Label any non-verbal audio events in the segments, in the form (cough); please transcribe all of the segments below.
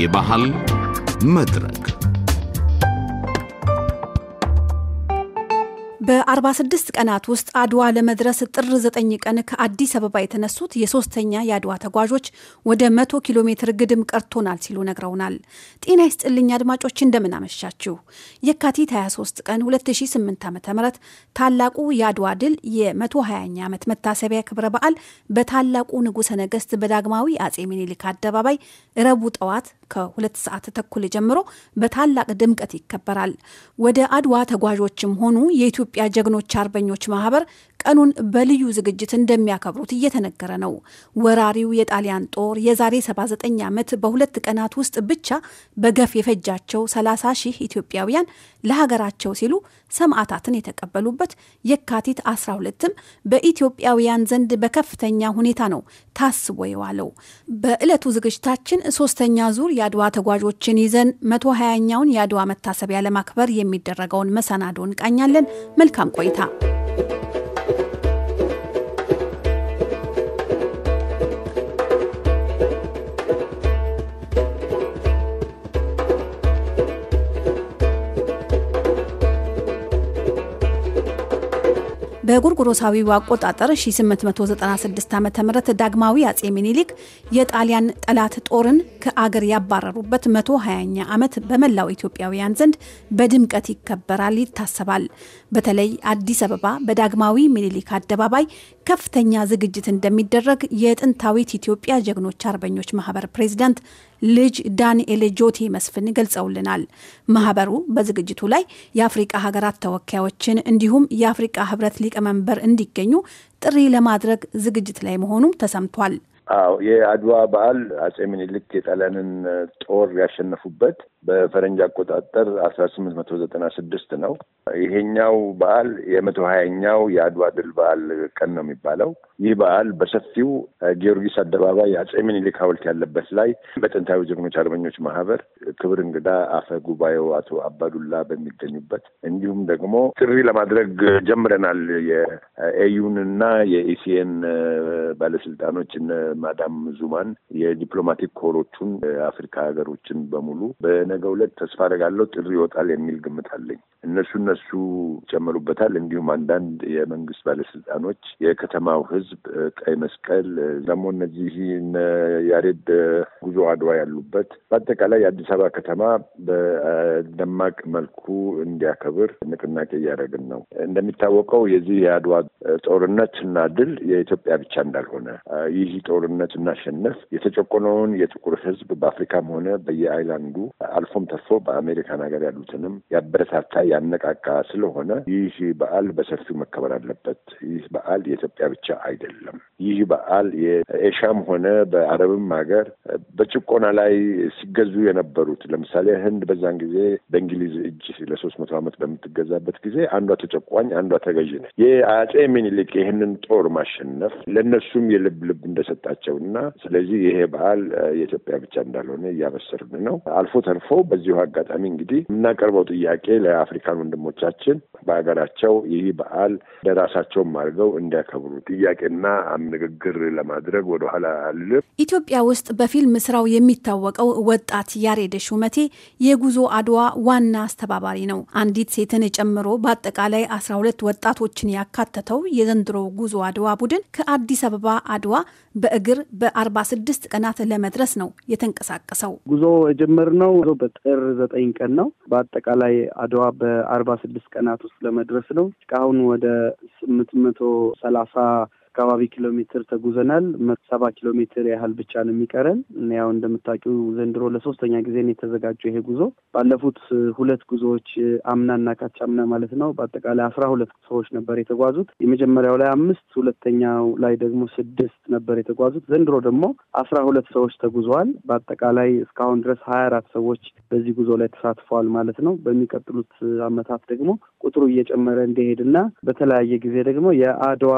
የባህል መድረክ በ46 ቀናት ውስጥ አድዋ ለመድረስ ጥር 9 ቀን ከአዲስ አበባ የተነሱት የሶስተኛ የአድዋ ተጓዦች ወደ 100 ኪሎ ሜትር ግድም ቀርቶናል ሲሉ ነግረውናል። ጤና ይስጥልኝ አድማጮች፣ እንደምን አመሻችሁ። የካቲት 23 ቀን 2008 ዓ.ም ታላቁ የአድዋ ድል የ120ኛ ዓመት መታሰቢያ ክብረ በዓል በታላቁ ንጉሠ ነገሥት በዳግማዊ አጼ ሚኒሊክ አደባባይ ረቡ ጠዋት ከሁለት ሰዓት ተኩል ጀምሮ በታላቅ ድምቀት ይከበራል። ወደ አድዋ ተጓዦችም ሆኑ የኢትዮጵያ የኢትዮጵያ ጀግኖች አርበኞች ማህበር ቀኑን በልዩ ዝግጅት እንደሚያከብሩት እየተነገረ ነው። ወራሪው የጣሊያን ጦር የዛሬ 79 ዓመት በሁለት ቀናት ውስጥ ብቻ በገፍ የፈጃቸው 30 ሺህ ኢትዮጵያውያን ለሀገራቸው ሲሉ ሰማዕታትን የተቀበሉበት የካቲት 12ም በኢትዮጵያውያን ዘንድ በከፍተኛ ሁኔታ ነው ታስቦ የዋለው። በዕለቱ ዝግጅታችን ሶስተኛ ዙር የአድዋ ተጓዦችን ይዘን 120ኛውን የአድዋ መታሰቢያ ለማክበር የሚደረገውን መሰናዶ እንቃኛለን። መልካም ቆይታ። በጉርጉሮሳዊ አቆጣጠር 1896 ዓ ም ዳግማዊ አጼ ሚኒሊክ የጣሊያን ጠላት ጦርን ከአገር ያባረሩበት 120ኛ ዓመት በመላው ኢትዮጵያውያን ዘንድ በድምቀት ይከበራል፣ ይታሰባል። በተለይ አዲስ አበባ በዳግማዊ ሚኒሊክ አደባባይ ከፍተኛ ዝግጅት እንደሚደረግ የጥንታዊት ኢትዮጵያ ጀግኖች አርበኞች ማህበር ፕሬዚዳንት ልጅ ዳንኤል ጆቴ መስፍን ገልጸውልናል። ማህበሩ በዝግጅቱ ላይ የአፍሪቃ ሀገራት ተወካዮችን እንዲሁም የአፍሪቃ ህብረት ሊቀመንበር እንዲገኙ ጥሪ ለማድረግ ዝግጅት ላይ መሆኑም ተሰምቷል። አዎ የአድዋ በዓል አጼ ምኒልክ የጣሊያንን ጦር ያሸነፉበት በፈረንጅ አቆጣጠር አስራ ስምንት መቶ ዘጠና ስድስት ነው። ይሄኛው በዓል የመቶ ሀያኛው የአድዋ ድል በዓል ቀን ነው የሚባለው። ይህ በዓል በሰፊው ጊዮርጊስ አደባባይ አፄ ምኒልክ ሐውልት ያለበት ላይ በጥንታዊ ጀግኖች አርበኞች ማህበር ክብር እንግዳ አፈ ጉባኤው አቶ አባዱላ በሚገኙበት እንዲሁም ደግሞ ጥሪ ለማድረግ ጀምረናል። የኤዩን እና የኢሲኤን ባለስልጣኖች ማዳም ዙማን የዲፕሎማቲክ ኮሮቹን የአፍሪካ ሀገሮችን በሙሉ ነገ ሁለት ተስፋ አደርጋለሁ ጥሪ ይወጣል የሚል ግምት አለኝ። እነሱ እነሱ ይጨመሩበታል። እንዲሁም አንዳንድ የመንግስት ባለስልጣኖች፣ የከተማው ህዝብ፣ ቀይ መስቀል ደግሞ እነዚህ ያሬድ ጉዞ አድዋ ያሉበት በአጠቃላይ የአዲስ አበባ ከተማ በደማቅ መልኩ እንዲያከብር ንቅናቄ እያደረግን ነው። እንደሚታወቀው የዚህ የአድዋ ጦርነት እና ድል የኢትዮጵያ ብቻ እንዳልሆነ ይህ ጦርነት እናሸነፍ የተጨቆነውን የጥቁር ህዝብ በአፍሪካም ሆነ በየአይላንዱ አልፎም ተርፎ በአሜሪካን ሀገር ያሉትንም ያበረታታ ያነቃቃ ስለሆነ ይህ በዓል በሰፊው መከበር አለበት። ይህ በዓል የኢትዮጵያ ብቻ አይደለም። ይህ በዓል የኤሻም ሆነ በአረብም ሀገር በጭቆና ላይ ሲገዙ የነበሩት ለምሳሌ ህንድ በዛን ጊዜ በእንግሊዝ እጅ ለሶስት መቶ ዓመት በምትገዛበት ጊዜ አንዷ ተጨቋኝ፣ አንዷ ተገዥ ነች። የአጼ ሚኒሊክ ይህንን ጦር ማሸነፍ ለእነሱም የልብ ልብ እንደሰጣቸው እና ስለዚህ ይሄ በዓል የኢትዮጵያ ብቻ እንዳልሆነ እያበሰርን ነው። አልፎ ተርፎ በዚሁ አጋጣሚ እንግዲህ የምናቀርበው ጥያቄ ለአፍሪ አፍሪካን ወንድሞቻችን በሀገራቸው ይህ በዓል ለራሳቸውም አድርገው እንዲያከብሩ ጥያቄና ንግግር ለማድረግ ወደኋላ አልልም። ኢትዮጵያ ውስጥ በፊልም ስራው የሚታወቀው ወጣት ያሬድ ሹመቴ የጉዞ አድዋ ዋና አስተባባሪ ነው። አንዲት ሴትን ጨምሮ በአጠቃላይ አስራ ሁለት ወጣቶችን ያካተተው የዘንድሮ ጉዞ አድዋ ቡድን ከአዲስ አበባ አድዋ በእግር በአርባ ስድስት ቀናት ለመድረስ ነው የተንቀሳቀሰው። ጉዞ የጀመርነው በጥር ዘጠኝ ቀን ነው። በአጠቃላይ አድዋ በ በአርባ ስድስት ቀናት ውስጥ ለመድረስ ነው። እስካሁን ወደ ስምንት መቶ ሰላሳ አካባቢ ኪሎ ሜትር ተጉዘናል። ሰባ ኪሎ ሜትር ያህል ብቻ ነው የሚቀረን። ያው እንደምታውቂው ዘንድሮ ለሶስተኛ ጊዜ ነው የተዘጋጀው ይሄ ጉዞ። ባለፉት ሁለት ጉዞዎች አምና አምናና ካቻምና ማለት ነው በአጠቃላይ አስራ ሁለት ሰዎች ነበር የተጓዙት። የመጀመሪያው ላይ አምስት፣ ሁለተኛው ላይ ደግሞ ስድስት ነበር የተጓዙት። ዘንድሮ ደግሞ አስራ ሁለት ሰዎች ተጉዘዋል። በአጠቃላይ እስካሁን ድረስ ሀያ አራት ሰዎች በዚህ ጉዞ ላይ ተሳትፈዋል ማለት ነው። በሚቀጥሉት አመታት ደግሞ ቁጥሩ እየጨመረ እና በተለያየ ጊዜ ደግሞ የአድዋ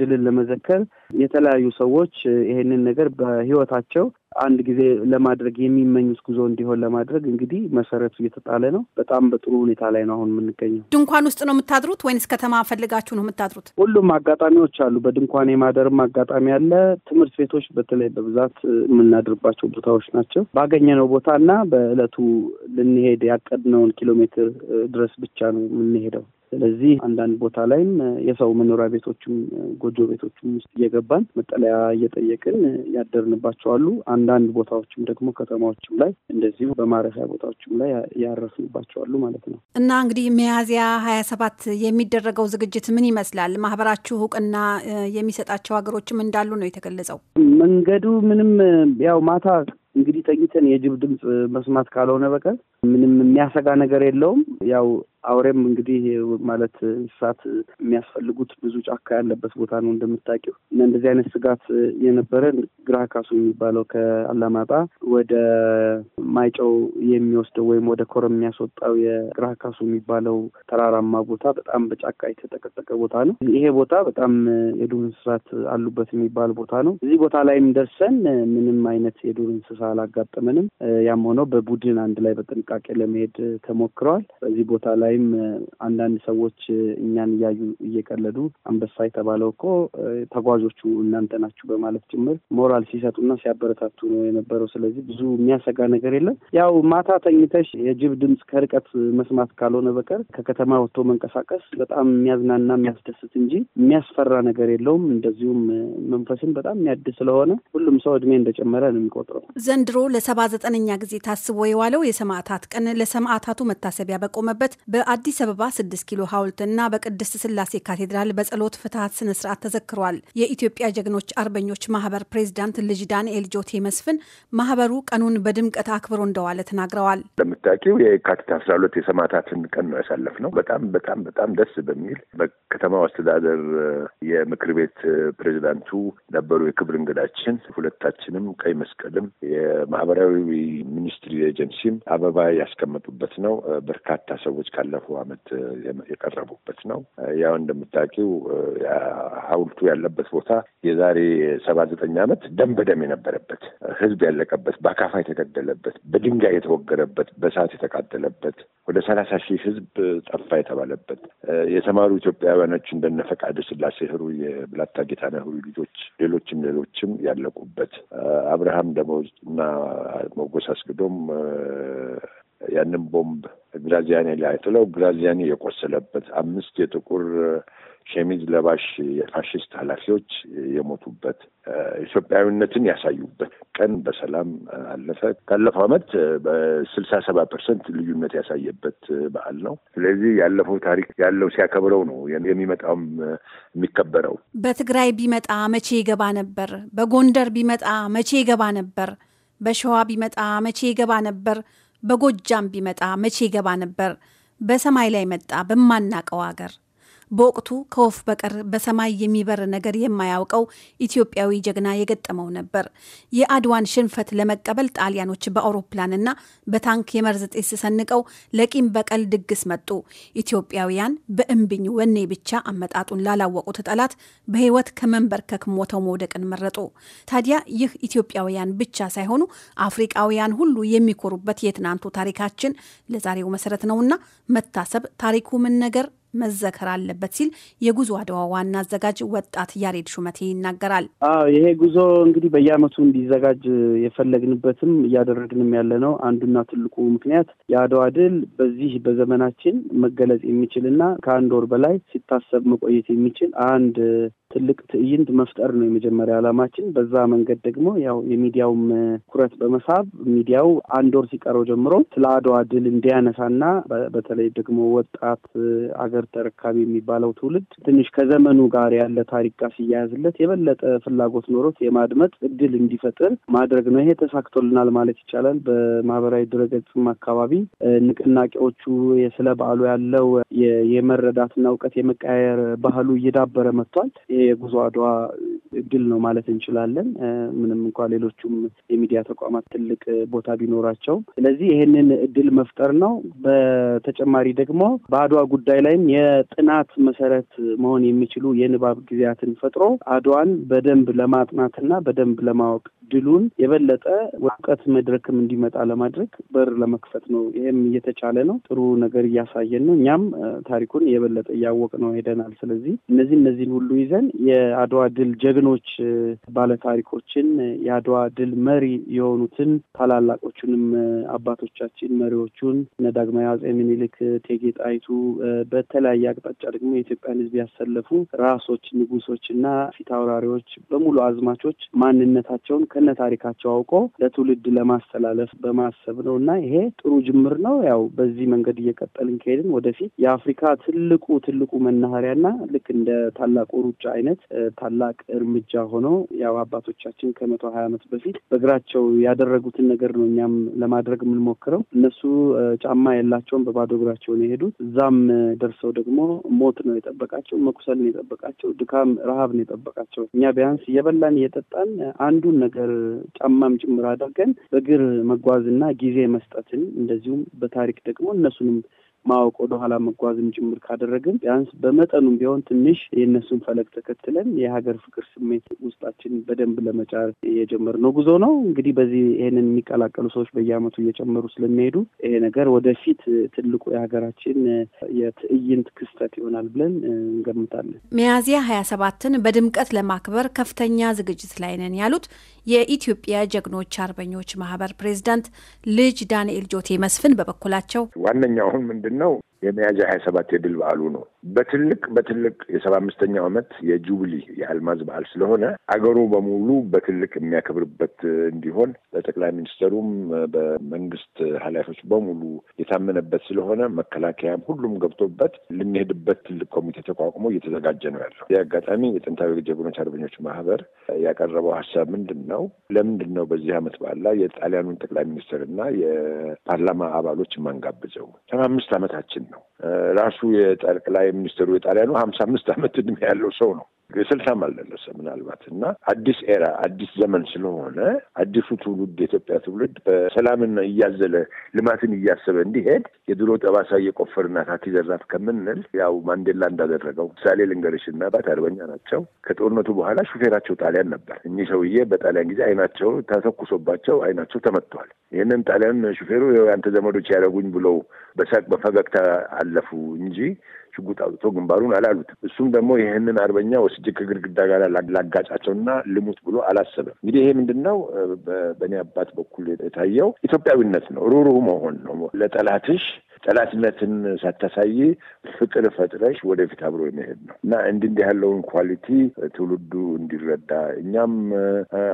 ድልል ለመዘከር የተለያዩ ሰዎች ይሄንን ነገር በህይወታቸው አንድ ጊዜ ለማድረግ የሚመኙት ጉዞ እንዲሆን ለማድረግ እንግዲህ መሰረቱ እየተጣለ ነው። በጣም በጥሩ ሁኔታ ላይ ነው አሁን የምንገኘው። ድንኳን ውስጥ ነው የምታድሩት ወይንስ ከተማ ፈልጋችሁ ነው የምታድሩት? ሁሉም አጋጣሚዎች አሉ። በድንኳን የማደርም አጋጣሚ አለ። ትምህርት ቤቶች በተለይ በብዛት የምናድርባቸው ቦታዎች ናቸው። ባገኘነው ቦታ እና በእለቱ ልንሄድ ያቀድነውን ኪሎ ሜትር ድረስ ብቻ ነው የምንሄደው። ስለዚህ አንዳንድ ቦታ ላይም የሰው መኖሪያ ቤቶችም ጎጆ ቤቶችም ውስጥ እየገባን መጠለያ እየጠየቅን ያደርንባቸዋሉ። አንዳንድ ቦታዎችም ደግሞ ከተማዎችም ላይ እንደዚሁ በማረፊያ ቦታዎችም ላይ ያረፍንባቸዋሉ ማለት ነው እና እንግዲህ ሚያዝያ ሀያ ሰባት የሚደረገው ዝግጅት ምን ይመስላል? ማህበራችሁ እውቅና የሚሰጣቸው ሀገሮችም እንዳሉ ነው የተገለጸው። መንገዱ ምንም ያው ማታ እንግዲህ ተኝተን የጅብ ድምፅ መስማት ካልሆነ በቀር ምንም የሚያሰጋ ነገር የለውም ያው አውሬም እንግዲህ ማለት እንስሳት የሚያስፈልጉት ብዙ ጫካ ያለበት ቦታ ነው እንደምታውቂው። እና እንደዚህ አይነት ስጋት የነበረን ግራ ካሱ የሚባለው ከአላማጣ ወደ ማይጨው የሚወስደው ወይም ወደ ኮረም የሚያስወጣው የግራ ካሱ የሚባለው ተራራማ ቦታ በጣም በጫካ የተጠቀጠቀ ቦታ ነው። ይሄ ቦታ በጣም የዱር እንስሳት አሉበት የሚባል ቦታ ነው። እዚህ ቦታ ላይም ደርሰን ምንም አይነት የዱር እንስሳ አላጋጠመንም። ያም ሆነው በቡድን አንድ ላይ በጥንቃቄ ለመሄድ ተሞክረዋል። በዚህ ቦታ ላይ ላይም አንዳንድ ሰዎች እኛን እያዩ እየቀለዱ አንበሳ የተባለው እኮ ተጓዦቹ እናንተ ናችሁ በማለት ጭምር ሞራል ሲሰጡና ሲያበረታቱ ነው የነበረው። ስለዚህ ብዙ የሚያሰጋ ነገር የለም። ያው ማታ ተኝተሽ የጅብ ድምፅ ከርቀት መስማት ካልሆነ በቀር ከከተማ ወጥቶ መንቀሳቀስ በጣም የሚያዝናና የሚያስደስት እንጂ የሚያስፈራ ነገር የለውም። እንደዚሁም መንፈስን በጣም የሚያድስ ስለሆነ ሁሉም ሰው እድሜ እንደጨመረ ነው የሚቆጥረው። ዘንድሮ ለሰባ ዘጠነኛ ጊዜ ታስቦ የዋለው የሰማዕታት ቀን ለሰማዕታቱ መታሰቢያ በቆመበት በ በአዲስ አበባ 6 ኪሎ ሐውልትና በቅድስት ስላሴ ካቴድራል በጸሎት ፍትሐት ስነ ስርዓት ተዘክሯል። የኢትዮጵያ ጀግኖች አርበኞች ማህበር ፕሬዚዳንት ልጅ ዳንኤል ጆቴ መስፍን ማህበሩ ቀኑን በድምቀት አክብሮ እንደዋለ ተናግረዋል። እንደምታውቂው የካቲት 12 የሰማዕታትን ቀን ነው ነው። በጣም በጣም በጣም ደስ በሚል በከተማው አስተዳደር የምክር ቤት ፕሬዚዳንቱ ነበሩ የክብር እንግዳችን። ሁለታችንም ቀይ መስቀልም የማህበራዊ ሚኒስትሪ ኤጀንሲም አበባ ያስቀመጡበት ነው። በርካታ ሰዎች ካለ ባለፈው አመት የቀረቡበት ነው። ያው እንደምታውቂው ሀውልቱ ያለበት ቦታ የዛሬ ሰባ ዘጠኝ አመት ደም በደም የነበረበት ህዝብ ያለቀበት፣ በአካፋ የተገደለበት፣ በድንጋይ የተወገረበት፣ በእሳት የተቃጠለበት ወደ ሰላሳ ሺህ ህዝብ ጠፋ የተባለበት የተማሩ ኢትዮጵያውያኖች እንደነ ፈቃደ ስላሴ ህሩ፣ የብላታ ጌታነህ ህሩይ ልጆች ሌሎችም ሌሎችም ያለቁበት አብርሃም ደሞዝ እና ሞጎስ አስግዶም ያንን ቦምብ ግራዚያኒ ላይ ጥለው ግራዚያኒ የቆሰለበት አምስት የጥቁር ሸሚዝ ለባሽ የፋሽስት ኃላፊዎች የሞቱበት ኢትዮጵያዊነትን ያሳዩበት ቀን በሰላም አለፈ። ካለፈው ዓመት በስልሳ ሰባ ፐርሰንት ልዩነት ያሳየበት በዓል ነው። ስለዚህ ያለፈው ታሪክ ያለው ሲያከብረው ነው የሚመጣውም የሚከበረው። በትግራይ ቢመጣ መቼ ይገባ ነበር፣ በጎንደር ቢመጣ መቼ ይገባ ነበር፣ በሸዋ ቢመጣ መቼ ይገባ ነበር በጎጃም ቢመጣ መቼ ገባ ነበር በሰማይ ላይ መጣ በማናቀው አገር በወቅቱ ከወፍ በቀር በሰማይ የሚበር ነገር የማያውቀው ኢትዮጵያዊ ጀግና የገጠመው ነበር። የአድዋን ሽንፈት ለመቀበል ጣሊያኖች በአውሮፕላንና በታንክ የመርዝ ጤስ ሰንቀው ለቂም በቀል ድግስ መጡ። ኢትዮጵያውያን በእምቢኝ ወኔ ብቻ አመጣጡን ላላወቁት ጠላት በሕይወት ከመንበርከክ ሞተው መውደቅን መረጡ። ታዲያ ይህ ኢትዮጵያውያን ብቻ ሳይሆኑ አፍሪቃውያን ሁሉ የሚኮሩበት የትናንቱ ታሪካችን ለዛሬው መሰረት ነውና መታሰብ ታሪኩ ምን ነገር መዘከር አለበት ሲል የጉዞ አድዋ ዋና አዘጋጅ ወጣት ያሬድ ሹመቴ ይናገራል። አዎ ይሄ ጉዞ እንግዲህ በየዓመቱ እንዲዘጋጅ የፈለግንበትም እያደረግንም ያለ ነው። አንዱና ትልቁ ምክንያት የአድዋ ድል በዚህ በዘመናችን መገለጽ የሚችልና ከአንድ ወር በላይ ሲታሰብ መቆየት የሚችል አንድ ትልቅ ትዕይንት መፍጠር ነው የመጀመሪያ ዓላማችን። በዛ መንገድ ደግሞ ያው የሚዲያውም ኩረት በመሳብ ሚዲያው አንድ ወር ሲቀረው ጀምሮ ስለ አድዋ ድል እንዲያነሳና በተለይ ደግሞ ወጣት አገር ዘር ተረካቢ የሚባለው ትውልድ ትንሽ ከዘመኑ ጋር ያለ ታሪክ ጋር ሲያያዝለት የበለጠ ፍላጎት ኖሮት የማድመጥ እድል እንዲፈጥር ማድረግ ነው። ይሄ ተሳክቶልናል ማለት ይቻላል። በማህበራዊ ድረገጽም አካባቢ ንቅናቄዎቹ ስለ በዓሉ ያለው የመረዳትና እውቀት የመቀያየር ባህሉ እየዳበረ መጥቷል። ይሄ የጉዞ አድዋ እድል ነው ማለት እንችላለን። ምንም እንኳ ሌሎቹም የሚዲያ ተቋማት ትልቅ ቦታ ቢኖራቸው፣ ስለዚህ ይሄንን እድል መፍጠር ነው። በተጨማሪ ደግሞ በአድዋ ጉዳይ ላይም የጥናት መሰረት መሆን የሚችሉ የንባብ ጊዜያትን ፈጥሮ አድዋን በደንብ ለማጥናትና በደንብ ለማወቅ ድሉን የበለጠ እውቀት መድረክም እንዲመጣ ለማድረግ በር ለመክፈት ነው። ይህም እየተቻለ ነው። ጥሩ ነገር እያሳየን ነው። እኛም ታሪኩን የበለጠ እያወቅ ነው ሄደናል። ስለዚህ እነዚህ እነዚህን ሁሉ ይዘን የአድዋ ድል ጀግኖች ባለታሪኮችን፣ የአድዋ ድል መሪ የሆኑትን ታላላቆቹንም አባቶቻችን መሪዎቹን እነ ዳግማዊ አጼ ምኒልክ፣ እቴጌ ጣይቱ በተለያየ አቅጣጫ ደግሞ የኢትዮጵያን ሕዝብ ያሰለፉ ራሶች፣ ንጉሶች እና ፊት አውራሪዎች በሙሉ አዝማቾች ማንነታቸውን ከነ ታሪካቸው አውቆ ለትውልድ ለማስተላለፍ በማሰብ ነው እና ይሄ ጥሩ ጅምር ነው። ያው በዚህ መንገድ እየቀጠልን ከሄድን ወደፊት የአፍሪካ ትልቁ ትልቁ መናኸሪያና ልክ እንደ ታላቁ ሩጫ አይነት ታላቅ እርምጃ ሆኖ ያው አባቶቻችን ከመቶ ሀያ ዓመት በፊት በእግራቸው ያደረጉትን ነገር ነው እኛም ለማድረግ የምንሞክረው። እነሱ ጫማ የላቸውም፣ በባዶ እግራቸው ነው የሄዱት። እዛም ደርሰው ደግሞ ሞት ነው የጠበቃቸው፣ መቁሰል ነው የጠበቃቸው፣ ድካም፣ ረሃብ ነው የጠበቃቸው። እኛ ቢያንስ እየበላን እየጠጣን አንዱን ነገር ሜትር ጫማም ጭምር አድርገን በእግር መጓዝና ጊዜ መስጠትን እንደዚሁም በታሪክ ደግሞ እነሱንም ማወቅ ወደኋላ መጓዝም ጭምር ካደረግን ቢያንስ በመጠኑም ቢሆን ትንሽ የእነሱን ፈለግ ተከትለን የሀገር ፍቅር ስሜት ውስጣችን በደንብ ለመጫር የጀመርነው ጉዞ ነው። እንግዲህ በዚህ ይህንን የሚቀላቀሉ ሰዎች በየአመቱ እየጨመሩ ስለሚሄዱ ይሄ ነገር ወደፊት ትልቁ የሀገራችን የትዕይንት ክስተት ይሆናል ብለን እንገምታለን። ሚያዝያ ሀያ ሰባትን በድምቀት ለማክበር ከፍተኛ ዝግጅት ላይ ነን ያሉት የኢትዮጵያ ጀግኖች አርበኞች ማህበር ፕሬዚዳንት ልጅ ዳንኤል ጆቴ መስፍን በበኩላቸው ዋነኛውን ምንድን no የሚያዝያ ሀያ ሰባት የድል በዓሉ ነው። በትልቅ በትልቅ የሰባ አምስተኛው ዓመት የጁብሊ የአልማዝ በዓል ስለሆነ አገሩ በሙሉ በትልቅ የሚያከብርበት እንዲሆን በጠቅላይ ሚኒስትሩም በመንግስት ኃላፊዎች በሙሉ የታመነበት ስለሆነ መከላከያም ሁሉም ገብቶበት ልንሄድበት ትልቅ ኮሚቴ ተቋቁሞ እየተዘጋጀ ነው ያለው። የአጋጣሚ አጋጣሚ የጥንታዊ ጀግኖች አርበኞች ማህበር ያቀረበው ሀሳብ ምንድን ነው? ለምንድን ነው በዚህ ዓመት በዓል ላይ የጣሊያኑን ጠቅላይ ሚኒስትርና የፓርላማ አባሎች የማንጋብዘው? ሰባ አምስት ዓመታችን ነው። ራሱ የጠቅላይ ሚኒስትሩ የጣሊያኑ ሀምሳ አምስት አመት እድሜ ያለው ሰው ነው። ስልሳም አልደረሰ ምናልባት እና አዲስ ኤራ አዲስ ዘመን ስለሆነ አዲሱ ትውልድ የኢትዮጵያ ትውልድ በሰላምን እያዘለ ልማትን እያሰበ እንዲሄድ የድሮ ጠባሳ እየቆፈርና ካኪ ዘራፍ ከምንል ያው ማንዴላ እንዳደረገው ምሳሌ ልንገርሽ እና ባት አርበኛ ናቸው። ከጦርነቱ በኋላ ሹፌራቸው ጣሊያን ነበር። እኚህ ሰውዬ በጣሊያን ጊዜ አይናቸው ተተኩሶባቸው አይናቸው ተመትቷል። ይህንን ጣሊያን ሹፌሩ ያንተ ዘመዶች ያደረጉኝ ብለው በሳቅ በፈገግታ አለፉ እንጂ ሽጉጥ አውጥቶ ግንባሩን አላሉትም። እሱም ደግሞ ይህንን አርበኛ ወስጄ ከግድግዳ ጋር ላጋጫቸውና ልሙት ብሎ አላሰበም። እንግዲህ ይሄ ምንድን ነው በእኔ አባት በኩል የታየው ኢትዮጵያዊነት ነው፣ ሩሩህ መሆን ነው። ለጠላትሽ ጠላትነትን ሳታሳይ ፍቅር ፈጥረሽ ወደፊት አብሮ የመሄድ ነው እና እንዲህ እንዲህ ያለውን ኳሊቲ ትውልዱ እንዲረዳ እኛም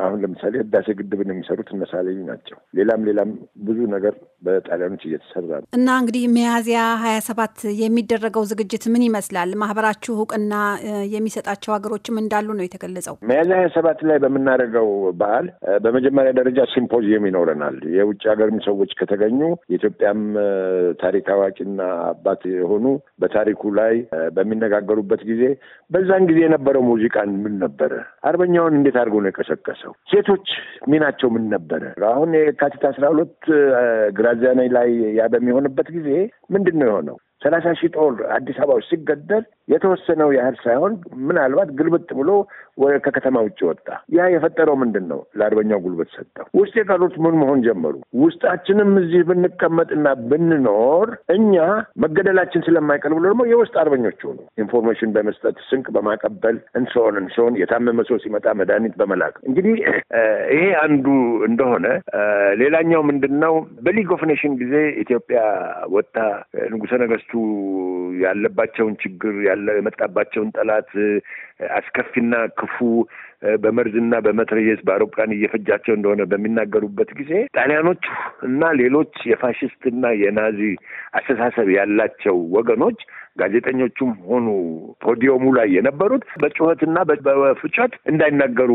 አሁን ለምሳሌ ህዳሴ ግድብን የሚሰሩት እነሳለኝ ናቸው። ሌላም ሌላም ብዙ ነገር በጣሊያኖች እየተሰራ ነው እና እንግዲህ ሚያዝያ ሀያ ሰባት የሚደረገው ዝግጅት ምን ይመስላል? ማህበራችሁ እውቅና የሚሰጣቸው ሀገሮችም እንዳሉ ነው የተገለጸው። ሚያዝያ ሀያ ሰባት ላይ በምናደርገው በዓል በመጀመሪያ ደረጃ ሲምፖዚየም ይኖረናል። የውጭ ሀገርም ሰዎች ከተገኙ የኢትዮጵያም ታሪክ ታሪክ አዋቂና አባት የሆኑ በታሪኩ ላይ በሚነጋገሩበት ጊዜ በዛን ጊዜ የነበረው ሙዚቃ ምን ነበረ? አርበኛውን እንዴት አድርጎ ነው የቀሰቀሰው? ሴቶች ሚናቸው ምን ነበረ? አሁን የካቲት አስራ ሁለት ግራዚያኒ ላይ ያ በሚሆንበት ጊዜ ምንድን ነው የሆነው? ሰላሳ ሺህ ጦር አዲስ አበባ ውስጥ ሲገደል የተወሰነው ያህል ሳይሆን ምናልባት ግልብጥ ብሎ ከከተማ ውጭ ወጣ። ያ የፈጠረው ምንድን ነው? ለአርበኛው ጉልበት ሰጠው። ውስጥ የቀሩት ምን መሆን ጀመሩ? ውስጣችንም እዚህ ብንቀመጥና ብንኖር እኛ መገደላችን ስለማይቀር ብሎ ደግሞ የውስጥ አርበኞች ሆኑ። ኢንፎርሜሽን በመስጠት ስንቅ በማቀበል እንሰሆን እንሰሆን የታመመ ሰው ሲመጣ መድኃኒት በመላክ እንግዲህ (clears throat) ይሄ አንዱ እንደሆነ (clears throat) ሌላኛው ምንድን ነው? በሊግ ኦፍ ኔሽን ጊዜ ኢትዮጵያ ወጥታ ንጉሰ ነገስቱ ያለባቸውን ችግር ያለው የመጣባቸውን ጠላት አስከፊና ክፉ በመርዝና በመትረየስ በአውሮፕላን እየፈጃቸው እንደሆነ በሚናገሩበት ጊዜ ጣሊያኖቹ እና ሌሎች የፋሽስትና የናዚ አስተሳሰብ ያላቸው ወገኖች ጋዜጠኞቹም ሆኑ ፖዲየሙ ላይ የነበሩት በጩኸትና በፉጨት እንዳይናገሩ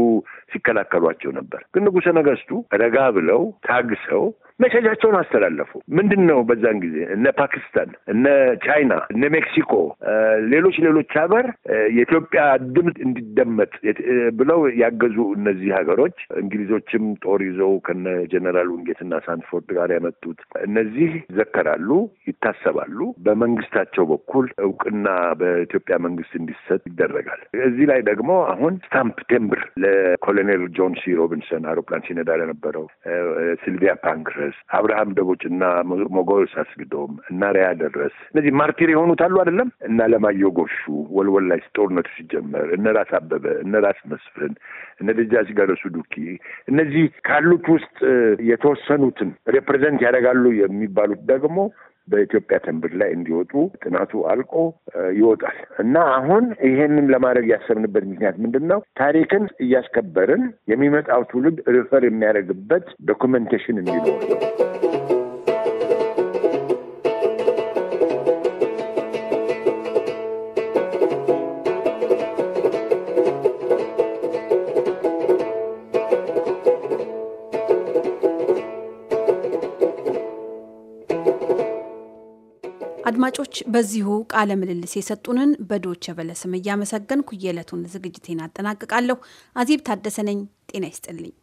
ሲከላከሏቸው ነበር። ግን ንጉሠ ነገሥቱ ረጋ ብለው ታግሰው መሸጃቸውን አስተላለፉ። ምንድን ነው በዛን ጊዜ እነ ፓኪስታን፣ እነ ቻይና፣ እነ ሜክሲኮ፣ ሌሎች ሌሎች ሀገር የኢትዮጵያ ድምፅ እንዲደመጥ ብለው ያገዙ እነዚህ ሀገሮች እንግሊዞችም ጦር ይዘው ከነ ጀነራል ውንጌትና ሳንፎርድ ጋር ያመጡት እነዚህ ይዘከራሉ፣ ይታሰባሉ። በመንግስታቸው በኩል እውቅና በኢትዮጵያ መንግስት እንዲሰጥ ይደረጋል። እዚህ ላይ ደግሞ አሁን ስታምፕ ቴምብር ለኮሎኔል ጆን ሲ ሮቢንሰን አውሮፕላን ሲነዳ ለነበረው ሲልቪያ ፓንክረ ድረስ አብርሃም ደቦጭና ሞጎስ አስግዶም እና ሪያ ደረስ እነዚህ ማርቲር የሆኑት አሉ አይደለም እና ለማየ ጎሹ ወልወል ላይ ጦርነቱ ሲጀመር እነ ራስ አበበ እነ ራስ መስፍን እነ ደጃች ጋረሱ ዱኪ እነዚህ ካሉት ውስጥ የተወሰኑትን ሬፕሬዘንት ያደርጋሉ የሚባሉት ደግሞ በኢትዮጵያ ተንብድ ላይ እንዲወጡ ጥናቱ አልቆ ይወጣል እና አሁን ይሄንን ለማድረግ ያሰብንበት ምክንያት ምንድን ነው? ታሪክን እያስከበርን የሚመጣው ትውልድ ሪፈር የሚያደርግበት ዶኩመንቴሽን እንዲኖር አድማጮች በዚሁ ቃለ ምልልስ የሰጡንን በዶቸ በለ ስም እያመሰገንኩ የዕለቱን ዝግጅቴን አጠናቅቃለሁ። አዜብ ታደሰ ነኝ። ጤና ይስጥልኝ።